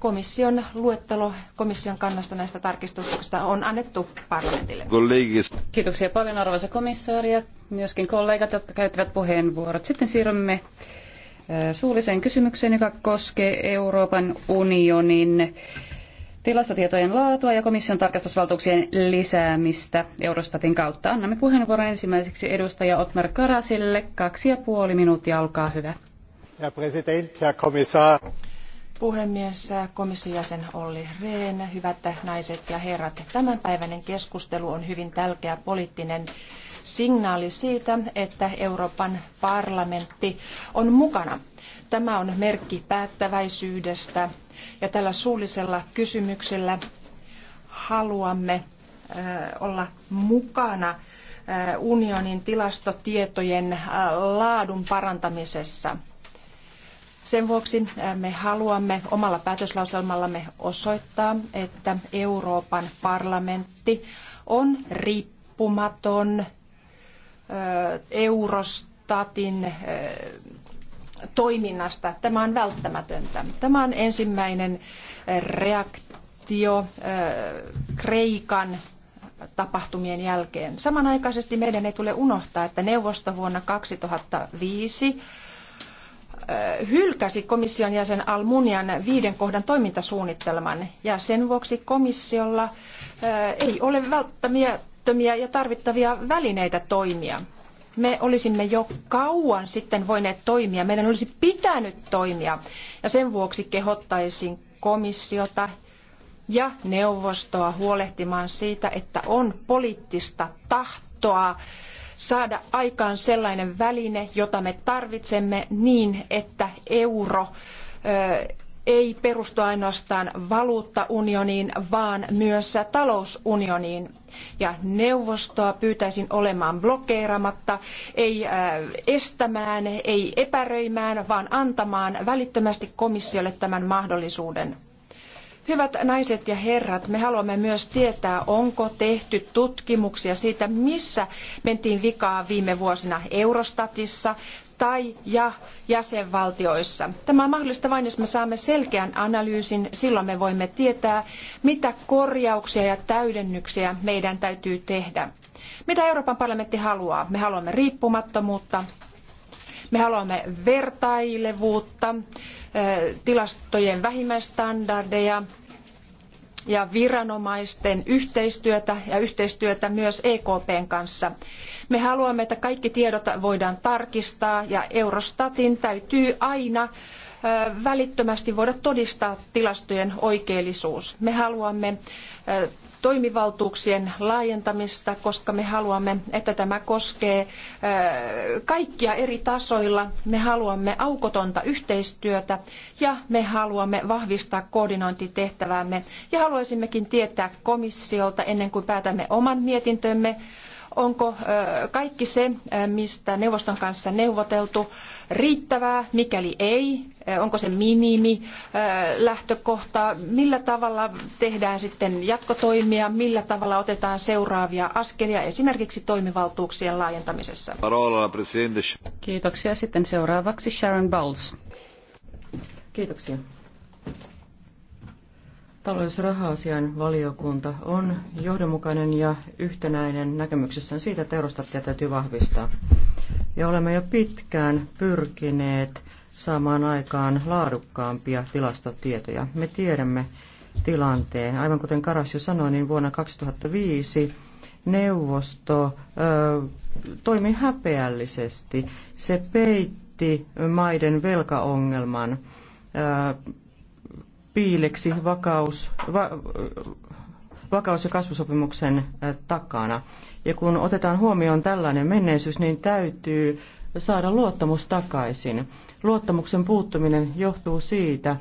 komission luettelo komission kannasta näistä tarkistuksista on annettu parlamentille. Kollegis. Kiitoksia paljon arvoisa komissaari ja myöskin kollegat, jotka käyttävät puheenvuorot. Sitten siirrymme suulliseen kysymykseen, joka koskee Euroopan unionin tilastotietojen laatua ja komission tarkastusvaltuuksien lisäämistä Eurostatin kautta. Annamme puheenvuoron ensimmäiseksi edustaja Otmar Karasille. Kaksi ja puoli minuuttia, olkaa hyvä. Herr Präsident, Herr Kommissar puhemies, komission jäsen Olli Rehn, hyvät naiset ja herrat. Tämänpäiväinen keskustelu on hyvin tärkeä poliittinen signaali siitä, että Euroopan parlamentti on mukana. Tämä on merkki päättäväisyydestä ja tällä suullisella kysymyksellä haluamme äh, olla mukana äh, unionin tilastotietojen äh, laadun parantamisessa – sen vuoksi me haluamme omalla päätöslauselmallamme osoittaa, että Euroopan parlamentti on riippumaton Eurostatin toiminnasta. Tämä on välttämätöntä. Tämä on ensimmäinen reaktio Kreikan tapahtumien jälkeen. Samanaikaisesti meidän ei tule unohtaa, että neuvosto vuonna 2005 hylkäsi komission jäsen Almunian viiden kohdan toimintasuunnitelman ja sen vuoksi komissiolla ei ole välttämättömiä ja tarvittavia välineitä toimia. Me olisimme jo kauan sitten voineet toimia, meidän olisi pitänyt toimia ja sen vuoksi kehottaisin komissiota ja neuvostoa huolehtimaan siitä, että on poliittista tahtoa saada aikaan sellainen väline, jota me tarvitsemme niin, että euro ei perustu ainoastaan valuuttaunioniin, vaan myös talousunioniin. Ja neuvostoa pyytäisin olemaan blokeeramatta, ei estämään, ei epäröimään, vaan antamaan välittömästi komissiolle tämän mahdollisuuden. Hyvät naiset ja herrat, me haluamme myös tietää, onko tehty tutkimuksia siitä, missä mentiin vikaa viime vuosina Eurostatissa tai ja jäsenvaltioissa. Tämä on mahdollista vain, jos me saamme selkeän analyysin, silloin me voimme tietää, mitä korjauksia ja täydennyksiä meidän täytyy tehdä. Mitä Euroopan parlamentti haluaa? Me haluamme riippumattomuutta, me haluamme vertailevuutta, tilastojen vähimmäistandardeja, ja viranomaisten yhteistyötä ja yhteistyötä myös EKPn kanssa. Me haluamme, että kaikki tiedot voidaan tarkistaa ja Eurostatin täytyy aina välittömästi voida todistaa tilastojen oikeellisuus. Me haluamme toimivaltuuksien laajentamista, koska me haluamme, että tämä koskee kaikkia eri tasoilla. Me haluamme aukotonta yhteistyötä ja me haluamme vahvistaa koordinointitehtäväämme. Ja haluaisimmekin tietää komissiolta ennen kuin päätämme oman mietintömme, onko kaikki se, mistä neuvoston kanssa neuvoteltu, riittävää, mikäli ei, Onko se minimi lähtökohta? Millä tavalla tehdään sitten jatkotoimia? Millä tavalla otetaan seuraavia askelia esimerkiksi toimivaltuuksien laajentamisessa? Kiitoksia. Sitten seuraavaksi Sharon Bowles. Kiitoksia. Talous- valiokunta on johdonmukainen ja yhtenäinen näkemyksessään siitä, että eurostatia täytyy vahvistaa. Ja olemme jo pitkään pyrkineet saamaan aikaan laadukkaampia tilastotietoja. Me tiedämme tilanteen. Aivan kuten Karas jo sanoi, niin vuonna 2005 neuvosto ö, toimi häpeällisesti. Se peitti maiden velkaongelman ö, piileksi vakaus, va, vakaus- ja kasvusopimuksen takana. Ja kun otetaan huomioon tällainen menneisyys, niin täytyy saada luottamus takaisin. Luottamuksen puuttuminen johtuu siitä,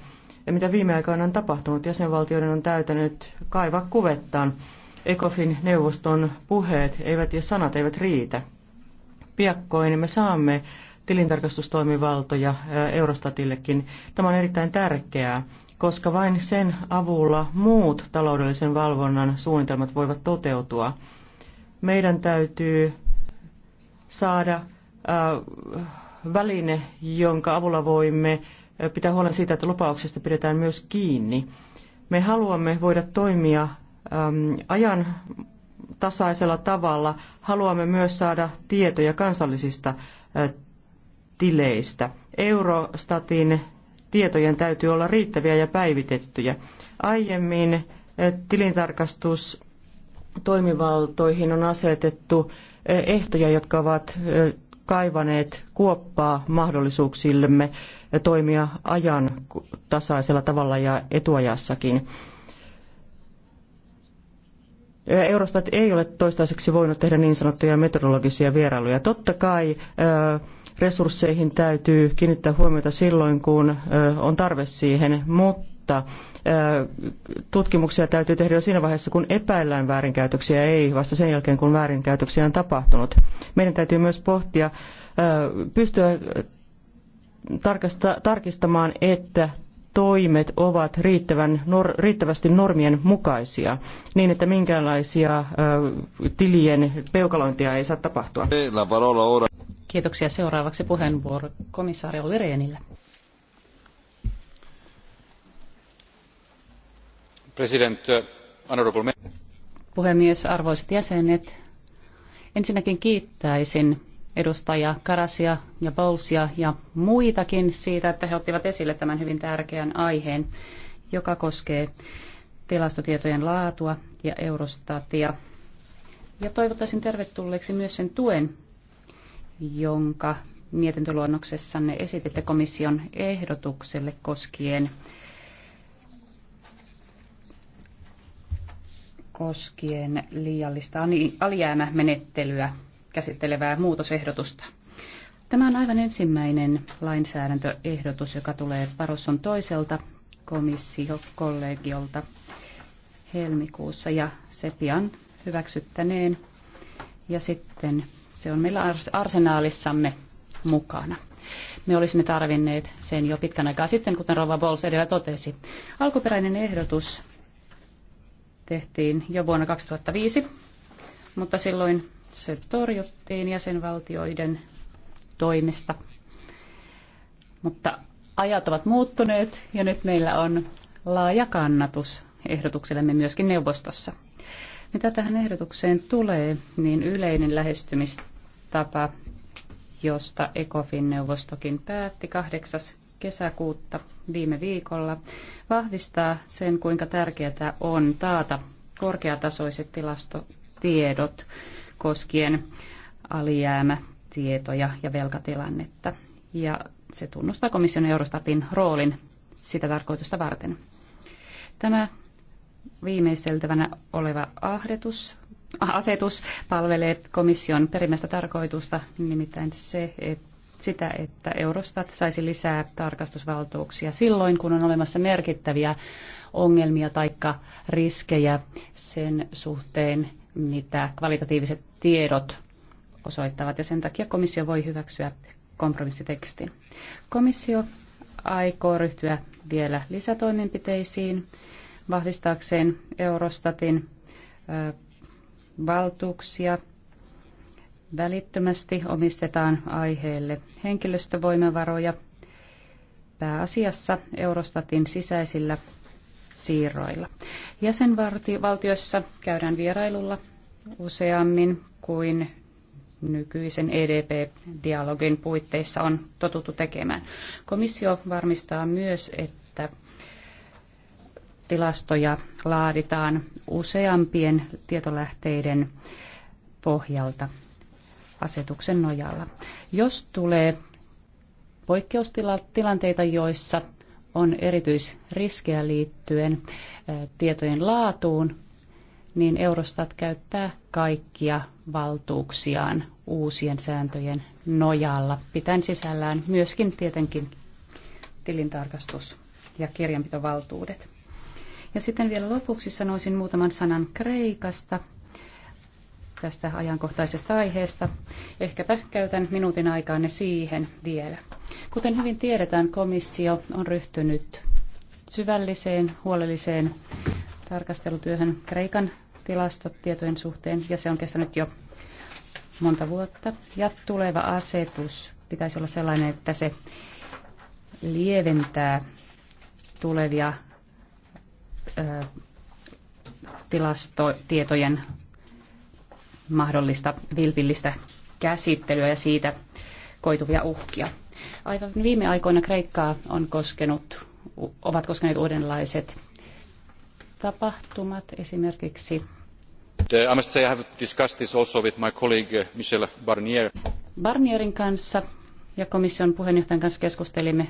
mitä viime aikoina on tapahtunut. Jäsenvaltioiden on täytänyt kaivaa kuvettaan. ECOFIN neuvoston puheet eivät ja sanat eivät riitä. Piakkoin me saamme tilintarkastustoimivaltoja Eurostatillekin. Tämä on erittäin tärkeää, koska vain sen avulla muut taloudellisen valvonnan suunnitelmat voivat toteutua. Meidän täytyy saada Äh, väline, jonka avulla voimme äh, pitää huolen siitä, että lupauksista pidetään myös kiinni. Me haluamme voida toimia ajan tasaisella tavalla. Haluamme myös saada tietoja kansallisista äh, tileistä. Eurostatin tietojen täytyy olla riittäviä ja päivitettyjä. Aiemmin tilintarkastus toimivaltoihin on asetettu ehtoja, jotka ovat kaivaneet kuoppaa mahdollisuuksillemme toimia ajan tasaisella tavalla ja etuajassakin. Eurostat ei ole toistaiseksi voinut tehdä niin sanottuja meteorologisia vierailuja. Totta kai resursseihin täytyy kiinnittää huomiota silloin, kun on tarve siihen, mutta tutkimuksia täytyy tehdä jo siinä vaiheessa, kun epäillään väärinkäytöksiä, ei vasta sen jälkeen, kun väärinkäytöksiä on tapahtunut. Meidän täytyy myös pohtia, pystyä tarkistamaan, että toimet ovat riittävän, nor, riittävästi normien mukaisia, niin että minkäänlaisia ö, tilien peukalointia ei saa tapahtua. Kiitoksia. Seuraavaksi puheenvuoro komissaari Olli puhemies arvoisat jäsenet ensinnäkin kiittäisin edustajia Karasia ja Bowlesia ja muitakin siitä, että he ottivat esille tämän hyvin tärkeän aiheen, joka koskee tilastotietojen laatua ja Eurostatia. Ja toivottaisin tervetulleeksi myös sen tuen, jonka mietintöluonnoksessanne esititte komission ehdotukselle koskien koskien liiallista alijäämämenettelyä käsittelevää muutosehdotusta. Tämä on aivan ensimmäinen lainsäädäntöehdotus, joka tulee Parosson toiselta komissiokollegiolta helmikuussa ja se pian hyväksyttäneen. Ja sitten se on meillä arsenaalissamme mukana. Me olisimme tarvinneet sen jo pitkän aikaa sitten, kuten Rova Bols edellä totesi. Alkuperäinen ehdotus tehtiin jo vuonna 2005, mutta silloin se torjuttiin jäsenvaltioiden toimesta. Mutta ajat ovat muuttuneet ja nyt meillä on laaja kannatus ehdotuksellemme myöskin neuvostossa. Mitä tähän ehdotukseen tulee, niin yleinen lähestymistapa, josta ECOFIN-neuvostokin päätti 8 kesäkuutta viime viikolla vahvistaa sen, kuinka tärkeää on taata korkeatasoiset tilastotiedot koskien alijäämätietoja ja velkatilannetta. Ja se tunnustaa komission Eurostatin roolin sitä tarkoitusta varten. Tämä viimeisteltävänä oleva ahdetus, asetus palvelee komission perimmäistä tarkoitusta, nimittäin se, että sitä, että Eurostat saisi lisää tarkastusvaltuuksia silloin, kun on olemassa merkittäviä ongelmia tai riskejä sen suhteen, mitä kvalitatiiviset tiedot osoittavat. Ja sen takia komissio voi hyväksyä kompromissitekstin. Komissio aikoo ryhtyä vielä lisätoimenpiteisiin vahvistaakseen Eurostatin valtuuksia välittömästi omistetaan aiheelle henkilöstövoimavaroja pääasiassa Eurostatin sisäisillä siirroilla. Jäsenvaltioissa käydään vierailulla useammin kuin nykyisen EDP-dialogin puitteissa on totuttu tekemään. Komissio varmistaa myös, että tilastoja laaditaan useampien tietolähteiden pohjalta asetuksen nojalla. Jos tulee poikkeustilanteita, joissa on erityisriskejä liittyen tietojen laatuun, niin Eurostat käyttää kaikkia valtuuksiaan uusien sääntöjen nojalla, pitäen sisällään myöskin tietenkin tilintarkastus- ja kirjanpitovaltuudet. Ja sitten vielä lopuksi sanoisin muutaman sanan Kreikasta tästä ajankohtaisesta aiheesta. Ehkäpä käytän minuutin aikaanne siihen vielä. Kuten hyvin tiedetään, komissio on ryhtynyt syvälliseen, huolelliseen tarkastelutyöhön Kreikan tilastotietojen suhteen, ja se on kestänyt jo monta vuotta. Ja tuleva asetus pitäisi olla sellainen, että se lieventää tulevia ö, tilastotietojen mahdollista vilpillistä käsittelyä ja siitä koituvia uhkia. Aivan viime aikoina Kreikkaa on koskenut, ovat koskeneet uudenlaiset tapahtumat esimerkiksi. Uh, I must say I have discussed this also with my colleague uh, Michel Barnier. Barnierin kanssa ja komission puheenjohtajan kanssa keskustelimme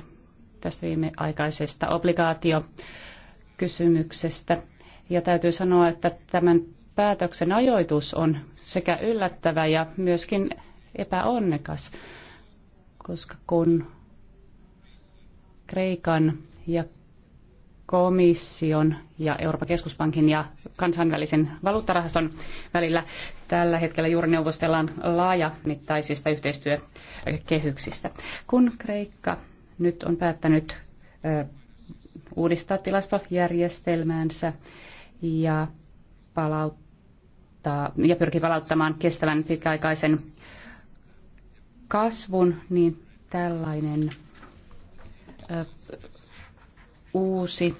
tästä viimeaikaisesta obligaatiokysymyksestä. Ja täytyy sanoa, että tämän päätöksen ajoitus on sekä yllättävä ja myöskin epäonnekas, koska kun Kreikan ja komission ja Euroopan keskuspankin ja kansainvälisen valuuttarahaston välillä tällä hetkellä juuri neuvostellaan laajamittaisista yhteistyökehyksistä. Kun Kreikka nyt on päättänyt uudistaa tilastojärjestelmäänsä ja palauttaa palauttaa ja pyrkii palauttamaan kestävän pitkäaikaisen kasvun, niin tällainen ö, uusi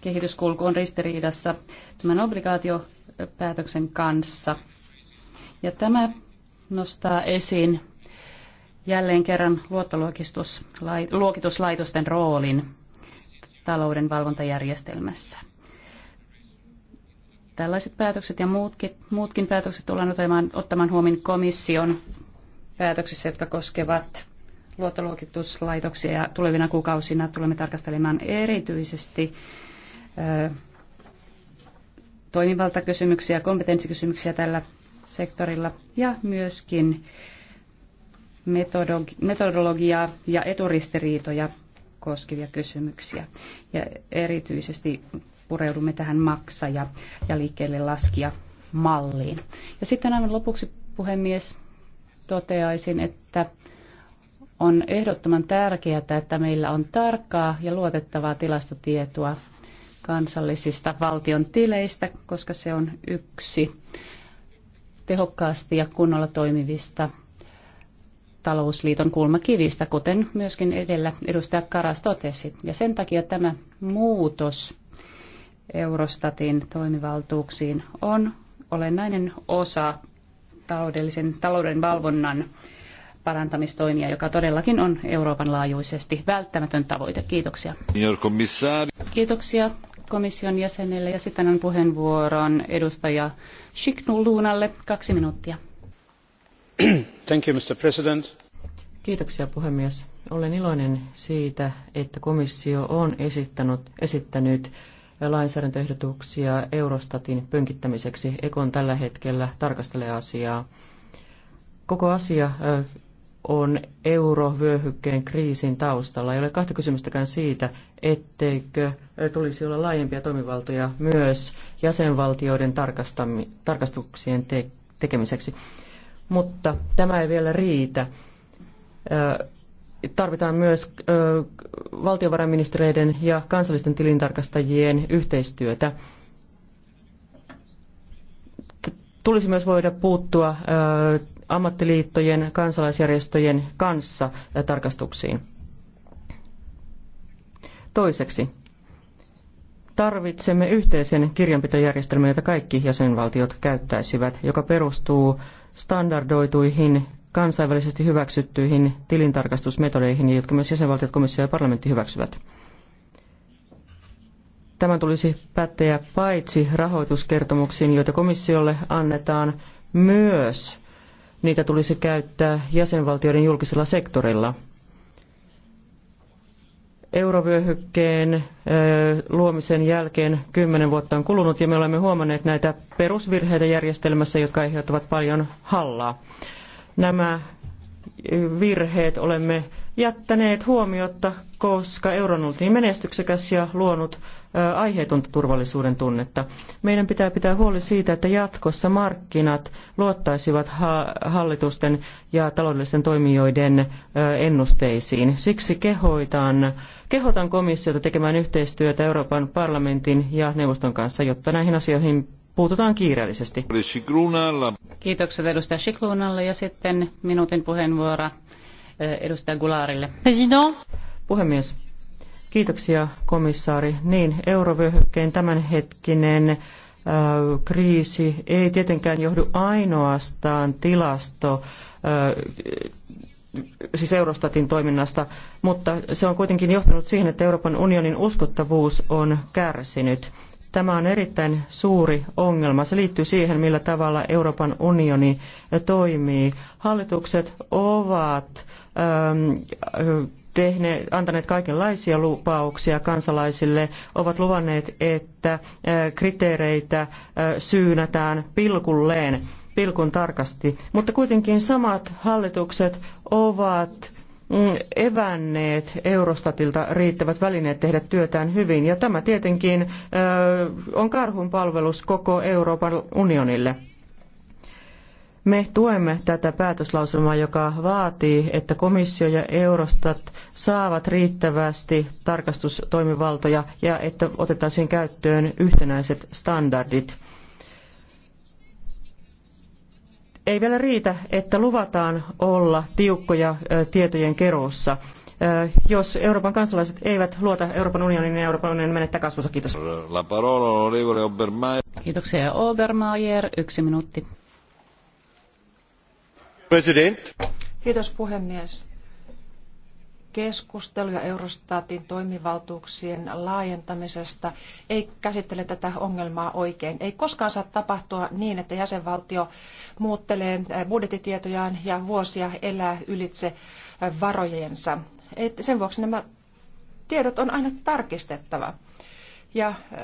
kehityskulku on ristiriidassa tämän obligaatiopäätöksen kanssa. Ja tämä nostaa esiin jälleen kerran luottoluokituslaitosten roolin talouden valvontajärjestelmässä. Tällaiset päätökset ja muutkin, muutkin päätökset tullaan ottamaan, ottamaan huomioon komission päätöksissä, jotka koskevat luottoluokituslaitoksia ja tulevina kuukausina tulemme tarkastelemaan erityisesti ö, toimivaltakysymyksiä, kompetenssikysymyksiä tällä sektorilla ja myöskin metodologiaa ja eturistiriitoja koskevia kysymyksiä. Ja erityisesti pureudumme tähän maksaja ja liikkeelle laskija malliin. Ja sitten aivan lopuksi puhemies toteaisin, että on ehdottoman tärkeää, että meillä on tarkkaa ja luotettavaa tilastotietoa kansallisista valtion tileistä, koska se on yksi tehokkaasti ja kunnolla toimivista talousliiton kulmakivistä, kuten myöskin edellä edustaja Karas totesi. Ja sen takia tämä muutos Eurostatin toimivaltuuksiin on olennainen osa taloudellisen talouden valvonnan parantamistoimia, joka todellakin on Euroopan laajuisesti välttämätön tavoite. Kiitoksia. Kiitoksia komission jäsenelle ja sitten on puheenvuoron edustaja Shiknuluunalle. Kaksi minuuttia. Thank you, Mr. President. Kiitoksia puhemies. Olen iloinen siitä, että komissio on esittänyt, esittänyt lainsäädäntöehdotuksia Eurostatin pönkittämiseksi. Ekon tällä hetkellä tarkastelee asiaa. Koko asia on eurovyöhykkeen kriisin taustalla. Ei ole kahta kysymystäkään siitä, etteikö tulisi olla laajempia toimivaltoja myös jäsenvaltioiden tarkastuksien te- tekemiseksi. Mutta tämä ei vielä riitä tarvitaan myös ö, valtiovarainministereiden ja kansallisten tilintarkastajien yhteistyötä. Tulisi myös voida puuttua ö, ammattiliittojen, kansalaisjärjestöjen kanssa ö, tarkastuksiin. Toiseksi, tarvitsemme yhteisen kirjanpitojärjestelmän, jota kaikki jäsenvaltiot käyttäisivät, joka perustuu standardoituihin kansainvälisesti hyväksyttyihin tilintarkastusmetodeihin, jotka myös jäsenvaltiot, komissio ja parlamentti hyväksyvät. Tämän tulisi päteä paitsi rahoituskertomuksiin, joita komissiolle annetaan, myös niitä tulisi käyttää jäsenvaltioiden julkisella sektorilla. Eurovyöhykkeen luomisen jälkeen kymmenen vuotta on kulunut ja me olemme huomanneet näitä perusvirheitä järjestelmässä, jotka aiheuttavat paljon hallaa nämä virheet olemme jättäneet huomiotta, koska euro on ollut niin menestyksekäs ja luonut aiheetonta turvallisuuden tunnetta. Meidän pitää pitää huoli siitä, että jatkossa markkinat luottaisivat hallitusten ja taloudellisten toimijoiden ennusteisiin. Siksi kehoitan, kehotan komissiota tekemään yhteistyötä Euroopan parlamentin ja neuvoston kanssa, jotta näihin asioihin puututaan kiireellisesti. Kiitokset edustaja Sikluunalle ja sitten minuutin puheenvuoro eh, edustaja Gularille. President. Puhemies, kiitoksia komissaari. Niin, eurovyöhykkeen tämänhetkinen eh, kriisi ei tietenkään johdu ainoastaan tilasto eh, siis Eurostatin toiminnasta, mutta se on kuitenkin johtanut siihen, että Euroopan unionin uskottavuus on kärsinyt. Tämä on erittäin suuri ongelma. Se liittyy siihen, millä tavalla Euroopan unioni toimii. Hallitukset ovat ähm, antaneet kaikenlaisia lupauksia kansalaisille, ovat luvanneet, että äh, kriteereitä äh, syynätään pilkulleen, pilkun tarkasti. Mutta kuitenkin samat hallitukset ovat evänneet Eurostatilta riittävät välineet tehdä työtään hyvin. Ja tämä tietenkin on karhun palvelus koko Euroopan unionille. Me tuemme tätä päätöslauselmaa, joka vaatii, että komissio ja Eurostat saavat riittävästi tarkastustoimivaltoja ja että otettaisiin käyttöön yhtenäiset standardit. ei vielä riitä, että luvataan olla tiukkoja tietojen keruussa. Jos Euroopan kansalaiset eivät luota Euroopan unionin niin Euroopan unionin menettää kasvonsa. Kiitos. La Kiitoksia Obermeier. Yksi minuutti. President. Kiitos puhemies keskusteluja Eurostatin toimivaltuuksien laajentamisesta ei käsittele tätä ongelmaa oikein. Ei koskaan saa tapahtua niin, että jäsenvaltio muuttelee eh, budjettitietojaan ja vuosia elää ylitse eh, varojensa. Et sen vuoksi nämä tiedot on aina tarkistettava. Ja eh,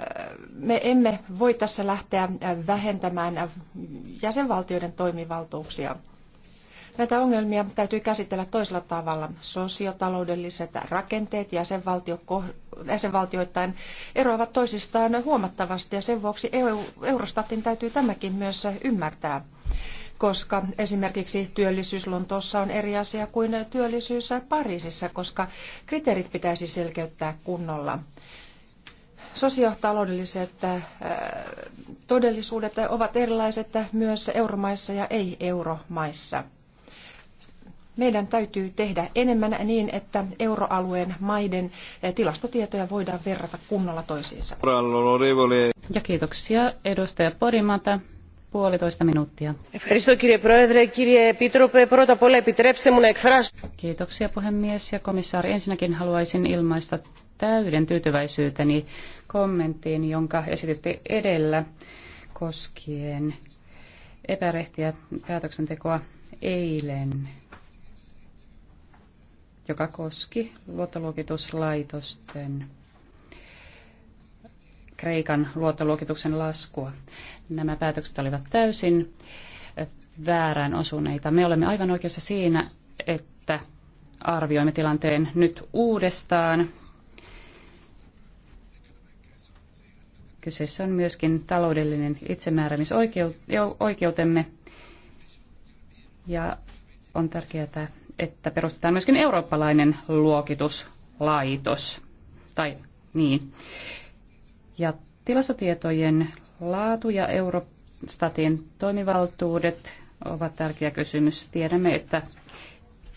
me emme voi tässä lähteä vähentämään jäsenvaltioiden toimivaltuuksia. Näitä ongelmia täytyy käsitellä toisella tavalla. Sosiotaloudelliset rakenteet jäsenvaltio, jäsenvaltioittain eroavat toisistaan huomattavasti ja sen vuoksi EU, Eurostatin täytyy tämäkin myös ymmärtää koska esimerkiksi työllisyys Lontoossa on eri asia kuin työllisyys Pariisissa, koska kriteerit pitäisi selkeyttää kunnolla sosiotaloudelliset äh, todellisuudet ovat erilaiset myös euromaissa ja ei-euromaissa. Meidän täytyy tehdä enemmän niin, että euroalueen maiden eh, tilastotietoja voidaan verrata kunnolla toisiinsa. Ja kiitoksia edustaja Porimata. Puolitoista minuuttia. Kiitoksia puhemies ja komissaari. Ensinnäkin haluaisin ilmaista täyden tyytyväisyyteni kommenttiin, jonka esititte edellä koskien epärehtiä päätöksentekoa eilen joka koski luottoluokituslaitosten Kreikan luottoluokituksen laskua. Nämä päätökset olivat täysin väärään osuneita. Me olemme aivan oikeassa siinä, että arvioimme tilanteen nyt uudestaan. Kyseessä on myöskin taloudellinen itsemääräämisoikeutemme ja on tärkeää, että perustetaan myöskin eurooppalainen luokituslaitos. Tai niin. Ja tilastotietojen laatu ja Eurostatin toimivaltuudet ovat tärkeä kysymys. Tiedämme, että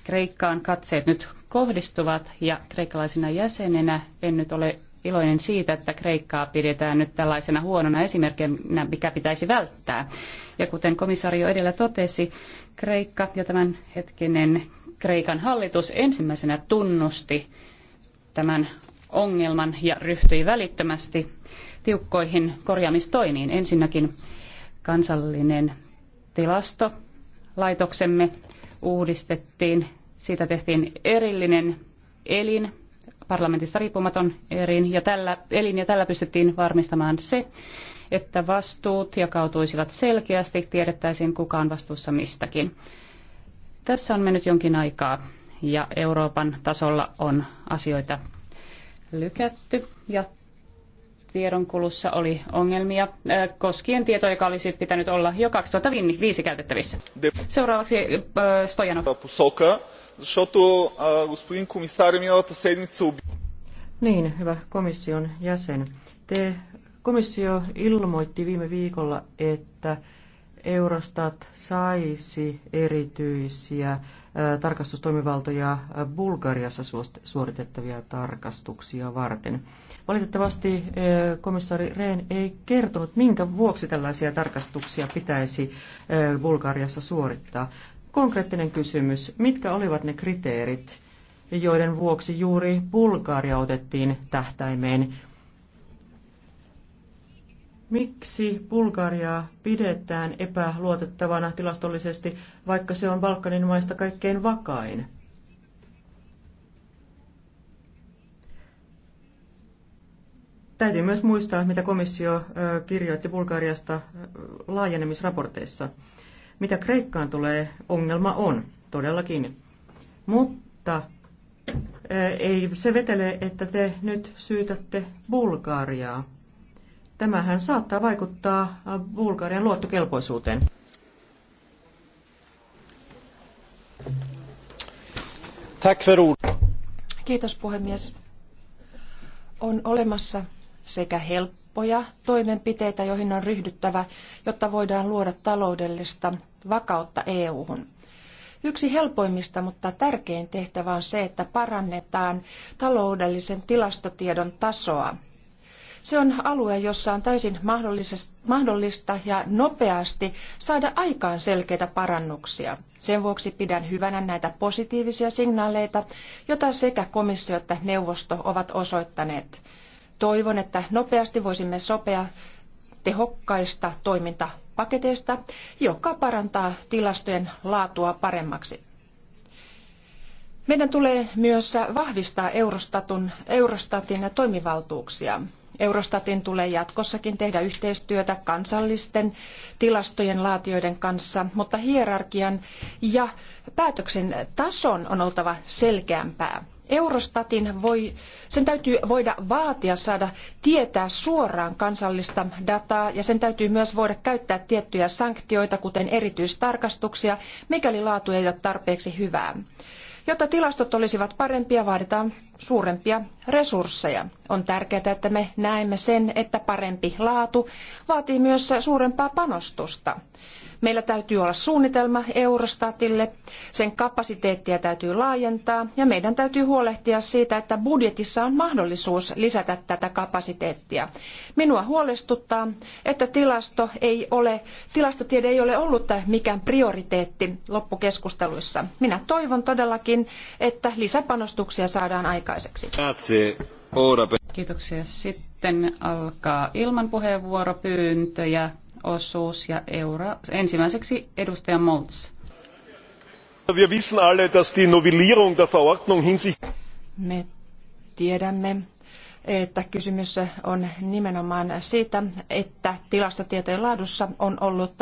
Kreikkaan katseet nyt kohdistuvat ja kreikkalaisena jäsenenä en nyt ole iloinen siitä, että Kreikkaa pidetään nyt tällaisena huonona esimerkkinä, mikä pitäisi välttää. Ja kuten komissario edellä totesi, Kreikka ja tämän hetkinen Kreikan hallitus ensimmäisenä tunnusti tämän ongelman ja ryhtyi välittömästi tiukkoihin korjaamistoimiin. Ensinnäkin kansallinen tilastolaitoksemme uudistettiin. Siitä tehtiin erillinen elin, parlamentista riippumaton elin, ja tällä, elin, ja tällä pystyttiin varmistamaan se, että vastuut jakautuisivat selkeästi, tiedettäisiin kuka on vastuussa mistäkin. Tässä on mennyt jonkin aikaa ja Euroopan tasolla on asioita lykätty ja tiedonkulussa oli ongelmia äh, koskien tietoja, joka olisi pitänyt olla jo 2005 käytettävissä. Seuraavaksi äh, Stojanov. Äh, niin, hyvä komission jäsen. Te komissio ilmoitti viime viikolla, että Eurostat saisi erityisiä tarkastustoimivaltoja Bulgariassa suoritettavia tarkastuksia varten. Valitettavasti komissaari Rehn ei kertonut, minkä vuoksi tällaisia tarkastuksia pitäisi Bulgariassa suorittaa. Konkreettinen kysymys, mitkä olivat ne kriteerit, joiden vuoksi juuri Bulgaria otettiin tähtäimeen Miksi Bulgariaa pidetään epäluotettavana tilastollisesti, vaikka se on Balkanin maista kaikkein vakain? Täytyy myös muistaa, mitä komissio kirjoitti Bulgariasta laajenemisraporteissa. Mitä Kreikkaan tulee, ongelma on todellakin. Mutta ei se vetele, että te nyt syytätte Bulgariaa. Tämähän saattaa vaikuttaa Bulgarian luottokelpoisuuteen. Kiitos puhemies. On olemassa sekä helppoja toimenpiteitä, joihin on ryhdyttävä, jotta voidaan luoda taloudellista vakautta EU-hun. Yksi helpoimmista, mutta tärkein tehtävä on se, että parannetaan taloudellisen tilastotiedon tasoa se on alue, jossa on täysin mahdollista ja nopeasti saada aikaan selkeitä parannuksia. Sen vuoksi pidän hyvänä näitä positiivisia signaaleita, joita sekä komissio että neuvosto ovat osoittaneet. Toivon, että nopeasti voisimme sopea tehokkaista toimintapaketeista, joka parantaa tilastojen laatua paremmaksi. Meidän tulee myös vahvistaa Eurostatin toimivaltuuksia. Eurostatin tulee jatkossakin tehdä yhteistyötä kansallisten tilastojen laatijoiden kanssa, mutta hierarkian ja päätöksen tason on oltava selkeämpää. Eurostatin voi, sen täytyy voida vaatia saada tietää suoraan kansallista dataa ja sen täytyy myös voida käyttää tiettyjä sanktioita, kuten erityistarkastuksia, mikäli laatu ei ole tarpeeksi hyvää. Jotta tilastot olisivat parempia, vaaditaan suurempia resursseja. On tärkeää, että me näemme sen, että parempi laatu vaatii myös suurempaa panostusta. Meillä täytyy olla suunnitelma Eurostatille, sen kapasiteettia täytyy laajentaa ja meidän täytyy huolehtia siitä, että budjetissa on mahdollisuus lisätä tätä kapasiteettia. Minua huolestuttaa, että tilasto ei ole, tilastotiede ei ole ollut mikään prioriteetti loppukeskusteluissa. Minä toivon todellakin, että lisäpanostuksia saadaan aikaan aikaiseksi. Kiitoksia. Sitten alkaa ilman puheenvuoropyyntöjä osuus ja euro. Ensimmäiseksi edustaja Moltz. Me tiedämme, että kysymys on nimenomaan siitä, että tilastotietojen laadussa on ollut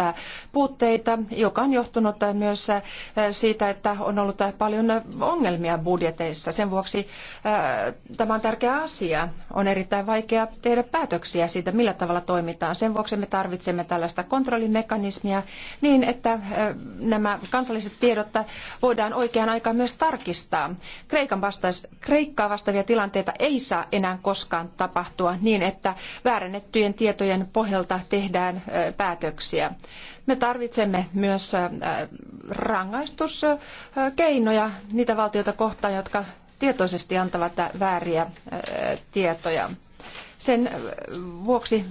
puutteita, joka on johtunut myös siitä, että on ollut paljon ongelmia budjeteissa. Sen vuoksi äh, tämä on tärkeä asia. On erittäin vaikea tehdä päätöksiä siitä, millä tavalla toimitaan. Sen vuoksi me tarvitsemme tällaista kontrollimekanismia niin, että äh, nämä kansalliset tiedot voidaan oikeaan aikaan myös tarkistaa. Kreikan vastais, Kreikkaa vastaavia tilanteita ei saa enää koskaan koskaan tapahtua niin, että väärennettyjen tietojen pohjalta tehdään päätöksiä. Me tarvitsemme myös rangaistuskeinoja niitä valtioita kohtaan, jotka tietoisesti antavat vääriä tietoja. Sen vuoksi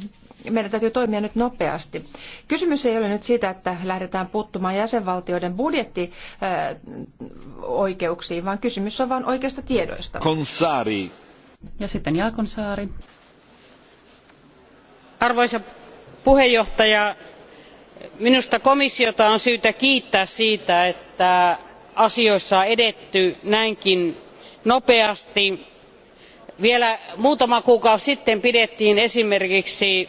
meidän täytyy toimia nyt nopeasti. Kysymys ei ole nyt siitä, että lähdetään puuttumaan jäsenvaltioiden budjettioikeuksiin, vaan kysymys on vain oikeista tiedoista. Konsari. Ja sitten Arvoisa puheenjohtaja, minusta komissiota on syytä kiittää siitä, että asioissa on edetty näinkin nopeasti. Vielä muutama kuukausi sitten pidettiin esimerkiksi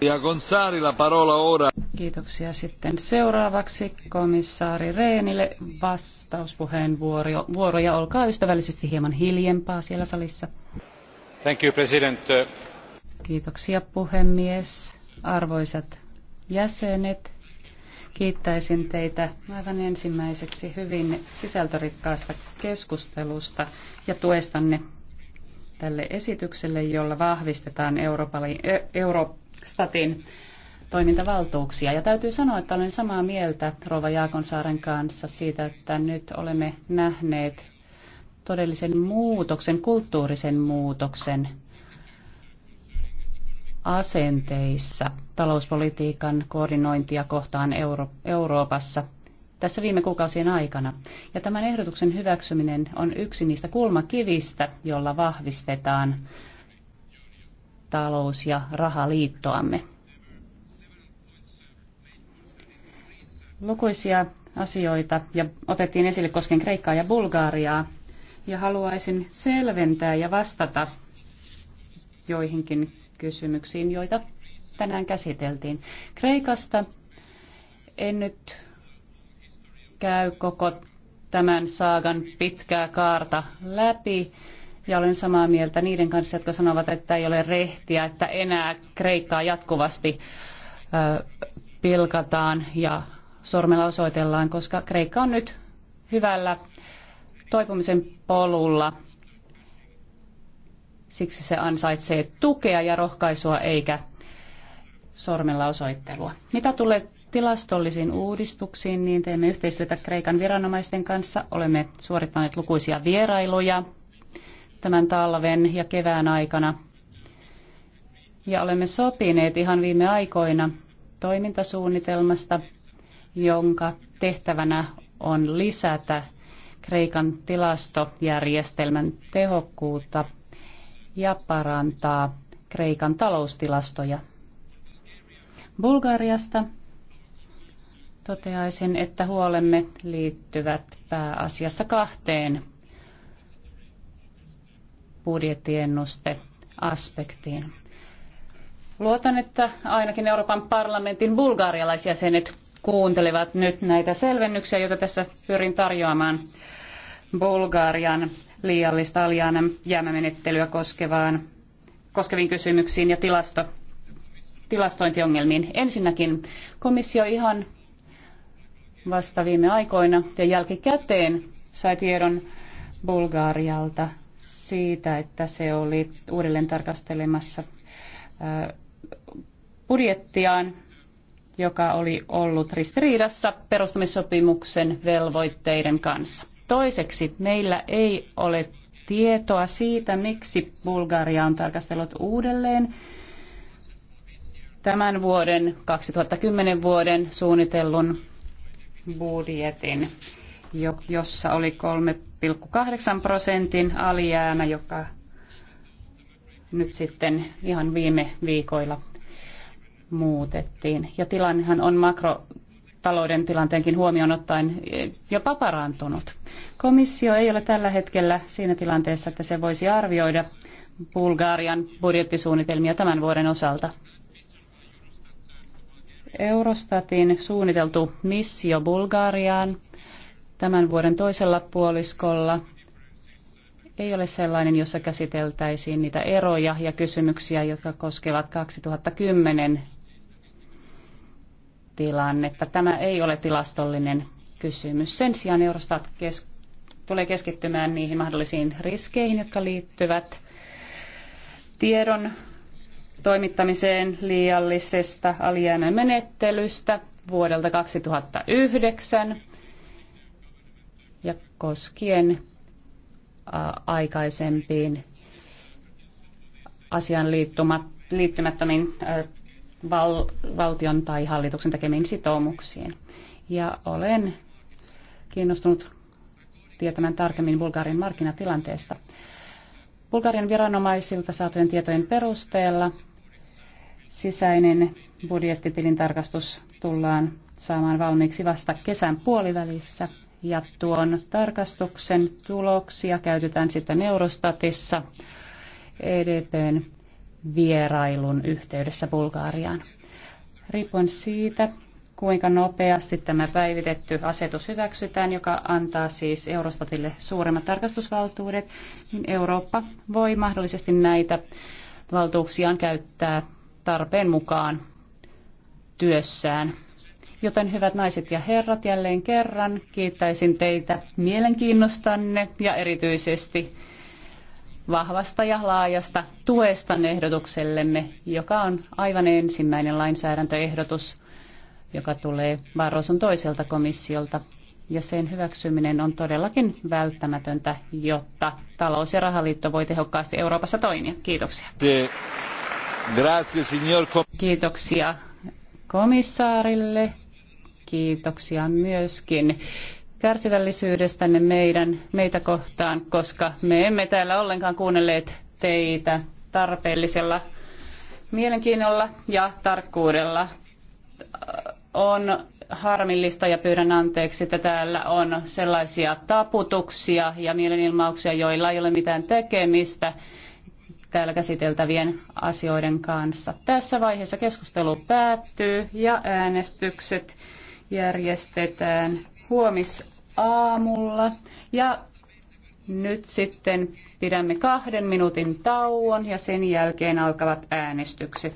Ja la parola ora. Kiitoksia. Sitten seuraavaksi komissaari Reenille vastauspuheenvuoro. Ja olkaa ystävällisesti hieman hiljempaa siellä salissa. Thank you, President. Kiitoksia puhemies. Arvoisat jäsenet, kiittäisin teitä aivan ensimmäiseksi hyvin sisältörikkaasta keskustelusta ja tuestanne tälle esitykselle, jolla vahvistetaan Euroopan, e- statin toimintavaltuuksia. Ja täytyy sanoa, että olen samaa mieltä Rova Jaakonsaaren kanssa siitä, että nyt olemme nähneet todellisen muutoksen, kulttuurisen muutoksen asenteissa talouspolitiikan koordinointia kohtaan Euro- Euroopassa tässä viime kuukausien aikana. Ja tämän ehdotuksen hyväksyminen on yksi niistä kulmakivistä, jolla vahvistetaan talous- ja rahaliittoamme. Lukuisia asioita ja otettiin esille koskien Kreikkaa ja Bulgaariaa ja haluaisin selventää ja vastata joihinkin kysymyksiin, joita tänään käsiteltiin. Kreikasta en nyt käy koko tämän saagan pitkää kaarta läpi. Ja olen samaa mieltä niiden kanssa, jotka sanovat, että ei ole rehtiä, että enää Kreikkaa jatkuvasti pilkataan ja sormella osoitellaan, koska Kreikka on nyt hyvällä toipumisen polulla. Siksi se ansaitsee tukea ja rohkaisua eikä sormella osoittelua. Mitä tulee tilastollisiin uudistuksiin, niin teemme yhteistyötä Kreikan viranomaisten kanssa. Olemme suorittaneet lukuisia vierailuja tämän talven ja kevään aikana. Ja olemme sopineet ihan viime aikoina toimintasuunnitelmasta, jonka tehtävänä on lisätä Kreikan tilastojärjestelmän tehokkuutta ja parantaa Kreikan taloustilastoja. Bulgariasta toteaisin, että huolemme liittyvät pääasiassa kahteen budjettiennuste aspektiin. Luotan, että ainakin Euroopan parlamentin bulgarialaisjäsenet kuuntelevat nyt näitä selvennyksiä, joita tässä pyrin tarjoamaan Bulgarian liiallista alijäämämenettelyä koskevaan, koskeviin kysymyksiin ja tilasto, tilastointiongelmiin. Ensinnäkin komissio ihan vasta viime aikoina ja jälkikäteen sai tiedon Bulgarialta siitä, että se oli uudelleen tarkastelemassa budjettiaan, joka oli ollut ristiriidassa perustamissopimuksen velvoitteiden kanssa. Toiseksi meillä ei ole tietoa siitä, miksi Bulgaria on tarkastellut uudelleen tämän vuoden 2010 vuoden suunnitellun budjetin jossa oli 3,8 prosentin alijäämä, joka nyt sitten ihan viime viikoilla muutettiin. Ja tilannehan on makrotalouden tilanteenkin huomioon ottaen jopa parantunut. Komissio ei ole tällä hetkellä siinä tilanteessa, että se voisi arvioida Bulgarian budjettisuunnitelmia tämän vuoden osalta. Eurostatin suunniteltu missio Bulgariaan tämän vuoden toisella puoliskolla ei ole sellainen, jossa käsiteltäisiin niitä eroja ja kysymyksiä, jotka koskevat 2010 tilannetta. Tämä ei ole tilastollinen kysymys. Sen sijaan Eurostat kes- tulee keskittymään niihin mahdollisiin riskeihin, jotka liittyvät tiedon toimittamiseen liiallisesta alijäämän menettelystä vuodelta 2009 koskien aikaisempiin asian liittymättömiin val, valtion tai hallituksen tekemiin sitoumuksiin. Ja olen kiinnostunut tietämään tarkemmin Bulgarian markkinatilanteesta. Bulgarian viranomaisilta saatujen tietojen perusteella sisäinen budjettitilintarkastus tullaan saamaan valmiiksi vasta kesän puolivälissä – ja tuon tarkastuksen tuloksia käytetään sitten Eurostatissa EDPn vierailun yhteydessä Bulgaariaan. Riippuen siitä, kuinka nopeasti tämä päivitetty asetus hyväksytään, joka antaa siis Eurostatille suuremmat tarkastusvaltuudet, niin Eurooppa voi mahdollisesti näitä valtuuksiaan käyttää tarpeen mukaan työssään Joten hyvät naiset ja herrat, jälleen kerran kiittäisin teitä mielenkiinnostanne ja erityisesti vahvasta ja laajasta tuesta ehdotuksellemme, joka on aivan ensimmäinen lainsäädäntöehdotus, joka tulee Barroson toiselta komissiolta. Ja sen hyväksyminen on todellakin välttämätöntä, jotta talous- ja rahaliitto voi tehokkaasti Euroopassa toimia. Kiitoksia. Kiitoksia komissaarille kiitoksia myöskin kärsivällisyydestänne meidän, meitä kohtaan, koska me emme täällä ollenkaan kuunnelleet teitä tarpeellisella mielenkiinnolla ja tarkkuudella. On harmillista ja pyydän anteeksi, että täällä on sellaisia taputuksia ja mielenilmauksia, joilla ei ole mitään tekemistä täällä käsiteltävien asioiden kanssa. Tässä vaiheessa keskustelu päättyy ja äänestykset järjestetään huomisaamulla ja nyt sitten pidämme kahden minuutin tauon ja sen jälkeen alkavat äänestykset.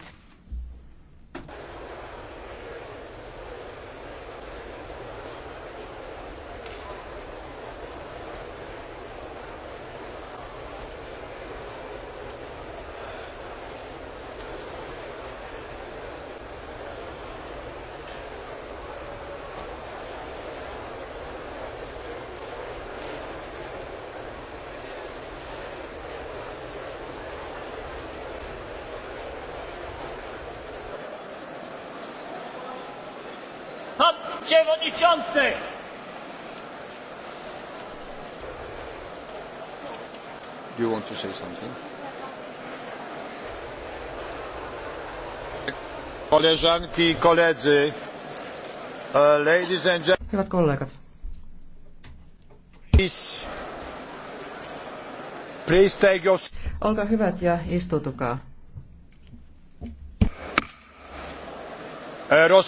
Przewodniczący! Do you want to say something? Koleżanki i koledzy, uh, ladies and gentlemen. Hyvät kollegat. Please, please take your... Olkaa hyvät ja istutukaa. Uh,